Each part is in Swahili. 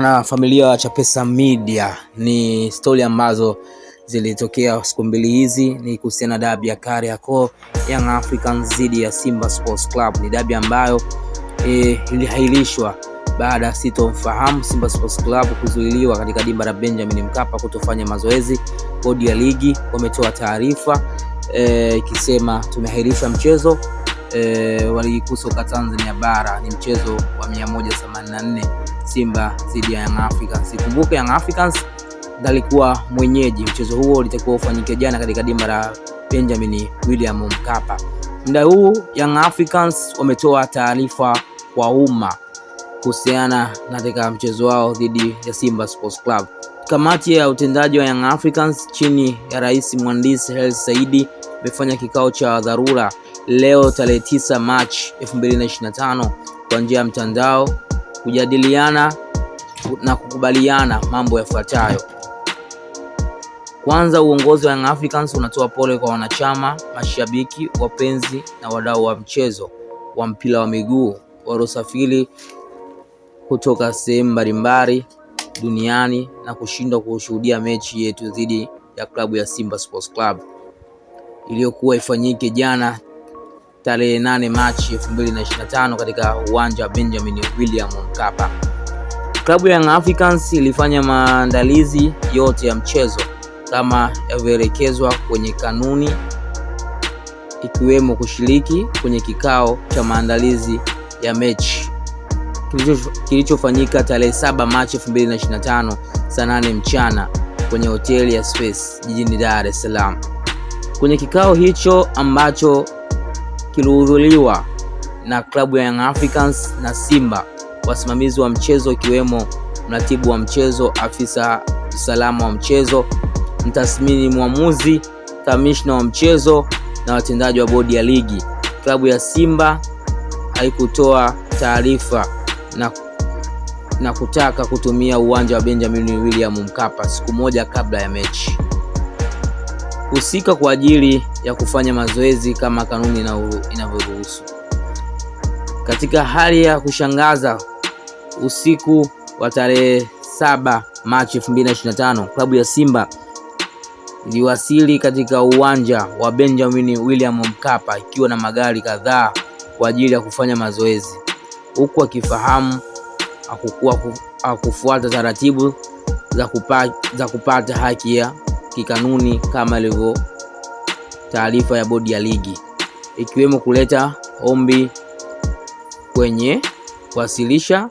mwanafamilia wa Chapesa Media, ni stori ambazo zilitokea siku mbili hizi, ni kuhusiana na dabi ya Kariakoo Young Africans dhidi ya Simba Sports Club. Ni dabi ambayo e, ilihairishwa baada ya sitomfahamu Simba Sports Club kuzuiliwa katika dimba la Benjamin Mkapa kutofanya mazoezi. Bodi ya ligi wametoa taarifa eh, ikisema e, tumehairisha mchezo e, wa ligi kuu soka Tanzania bara, ni mchezo wa 184 Simba dhidi ya Young Africans. Ikumbuke Young Africans alikuwa mwenyeji. Mchezo huo ulitakiwa ufanyike jana katika dimba la Benjamin William Mkapa. Muda huu Young Africans wametoa taarifa kwa umma kuhusiana na katika mchezo wao dhidi ya Simba Sports Club. Kamati ya utendaji wa Young Africans chini ya Rais Mhandisi Hersi Saidi imefanya kikao cha dharura leo tarehe 9 Machi 2025 kwa njia ya mtandao kujadiliana na kukubaliana mambo yafuatayo. Kwanza, uongozi wa Young Africans unatoa pole kwa wanachama, mashabiki, wapenzi na wadau wa mchezo wa mpira wa miguu waliosafiri kutoka sehemu mbalimbali duniani na kushindwa kushuhudia mechi yetu dhidi ya klabu ya Simba Sports Club iliyokuwa ifanyike jana tarehe 8 Machi 2025 katika uwanja wa Benjamin William Mkapa. Klabu ya Young Africans ilifanya maandalizi yote ya mchezo kama yalivyoelekezwa kwenye kanuni, ikiwemo kushiriki kwenye kikao cha maandalizi ya mechi kilichofanyika tarehe 7 Machi 2025 saa 8 mchana kwenye hoteli ya Space jijini Dar es Salaam. Kwenye kikao hicho ambacho kilihudhuriwa na klabu ya Young Africans na Simba, wasimamizi wa mchezo ikiwemo mratibu wa mchezo, afisa usalama wa mchezo, mtathmini mwamuzi, kamishna wa mchezo na watendaji wa bodi ya ligi. Klabu ya Simba haikutoa taarifa na, na kutaka kutumia uwanja wa Benjamin William Mkapa siku moja kabla ya mechi husika kwa ajili ya kufanya mazoezi kama kanuni inavyoruhusu. Katika hali ya kushangaza, usiku wa tarehe 7 Machi 2025 klabu ya Simba iliwasili katika uwanja wa Benjamin William Mkapa ikiwa na magari kadhaa kwa ajili ya kufanya mazoezi, huku akifahamu hakukuwa akufuata taratibu za, kupa, za kupata haki ya kikanuni kama ilivyo taarifa ya bodi ya ligi, ikiwemo kuleta ombi kwenye kuwasilisha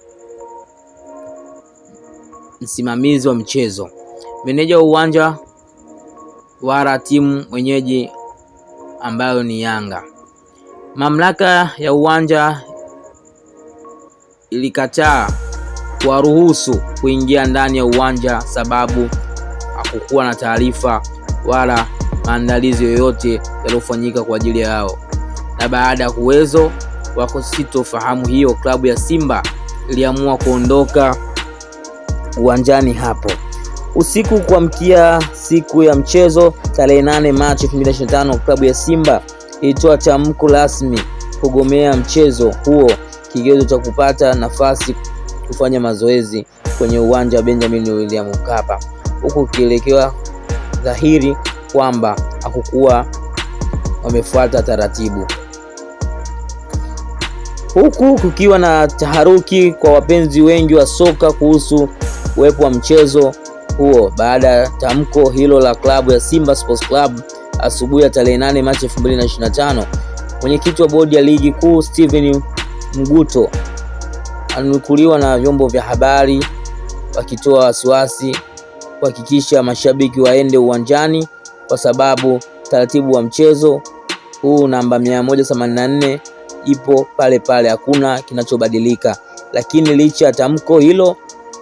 msimamizi wa mchezo, meneja wa uwanja, wala timu mwenyeji ambayo ni Yanga. Mamlaka ya uwanja ilikataa kuwaruhusu kuingia ndani ya uwanja sababu hakukuwa na taarifa wala maandalizi yoyote yaliyofanyika kwa ajili yao, na baada ya uwezo wa kusitofahamu hiyo, klabu ya Simba iliamua kuondoka uwanjani hapo usiku kuamkia siku ya mchezo tarehe 8 Machi 2025, klabu ya Simba ilitoa tamko rasmi kugomea mchezo huo, kigezo cha kupata nafasi kufanya mazoezi kwenye uwanja wa Benjamin William Mkapa huku ukielekewa dhahiri kwamba hakukuwa wamefuata taratibu, huku kukiwa na taharuki kwa wapenzi wengi wa soka kuhusu uwepo wa mchezo huo baada ya tamko hilo la klabu ya Simba Sports Club asubuhi ya tarehe 8 Machi 2025. Mwenyekiti wa bodi ya ligi kuu Steven Mguto anukuliwa na vyombo vya habari wakitoa wasiwasi kuhakikisha mashabiki waende uwanjani kwa sababu taratibu wa mchezo huu namba 184 ipo pale pale, hakuna kinachobadilika. Lakini licha ya tamko hilo,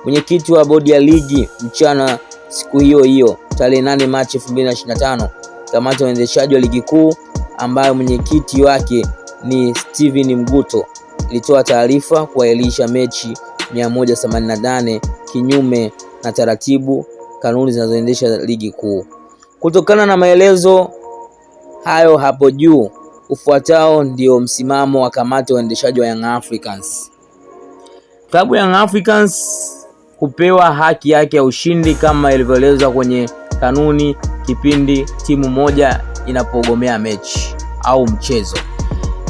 mwenyekiti wa bodi ya ligi mchana siku hiyo hiyo tarehe 8 Machi 2025, kamati ya uendeshaji wa ligi kuu ambayo mwenyekiti wake ni Steven Mguto ilitoa taarifa kuahirisha mechi 188 kinyume na taratibu kanuni zinazoendesha ligi kuu. Kutokana na maelezo hayo hapo juu, ufuatao ndio msimamo wa kamati ya uendeshaji wa Young Africans. Klabu ya Young Africans kupewa haki yake ya ushindi kama ilivyoelezwa kwenye kanuni kipindi timu moja inapogomea mechi au mchezo.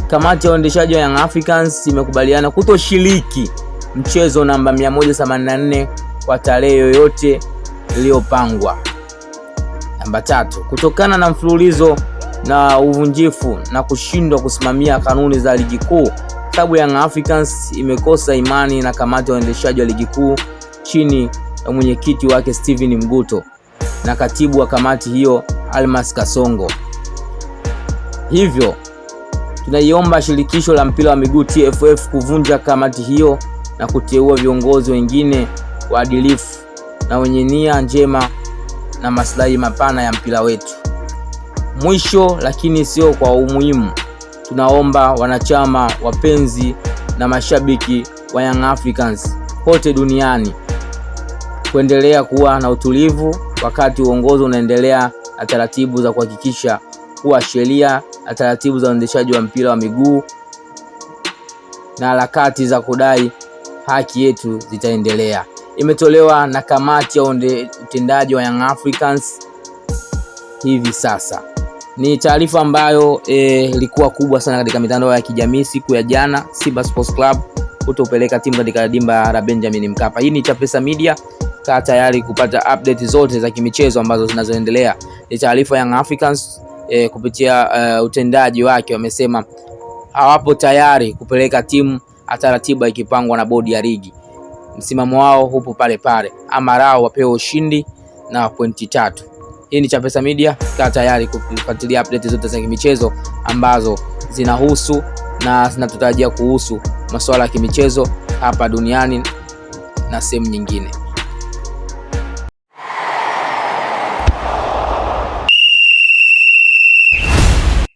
Kamati ya uendeshaji wa Young Africans imekubaliana kutoshiriki mchezo namba 184 kwa tarehe yoyote iliyopangwa. Namba tatu, kutokana na mfululizo na uvunjifu na kushindwa kusimamia kanuni za ligi kuu, klabu ya Young Africans imekosa imani na kamati ya uendeshaji wa ligi kuu chini ya mwenyekiti wake Steven Mguto na katibu wa kamati hiyo Almas Kasongo. Hivyo tunaiomba shirikisho la mpira wa miguu TFF kuvunja kamati hiyo na kuteua viongozi wengine waadilifu na wenye nia njema na maslahi mapana ya mpira wetu. Mwisho lakini sio kwa umuhimu, tunaomba wanachama, wapenzi na mashabiki wa Young Africans kote duniani kuendelea kuwa na utulivu wakati uongozi unaendelea na taratibu za kuhakikisha kuwa sheria na taratibu za uendeshaji wa mpira wa miguu na harakati za kudai haki yetu zitaendelea imetolewa na kamati ya utendaji wa Young Africans hivi sasa. Ni taarifa ambayo eh, ilikuwa e, kubwa sana katika mitandao ya kijamii siku ya jana. Simba Sports Club kutopeleka timu katika dimba la Benjamin Mkapa. Hii ni Chapesa Media, kaa tayari kupata update zote za kimichezo ambazo zinazoendelea. Ni taarifa Young Africans e, kupitia e, utendaji wake wamesema hawapo tayari kupeleka timu hata ratiba ikipangwa na bodi ya ligi msimamo wao hupo pale pale, ama lao wapewe ushindi na pointi tatu. Hii ni Chapesa Media, kaa tayari kufuatilia update zote za kimichezo ambazo zinahusu na zinatutarajia kuhusu masuala ya kimichezo hapa duniani na sehemu nyingine.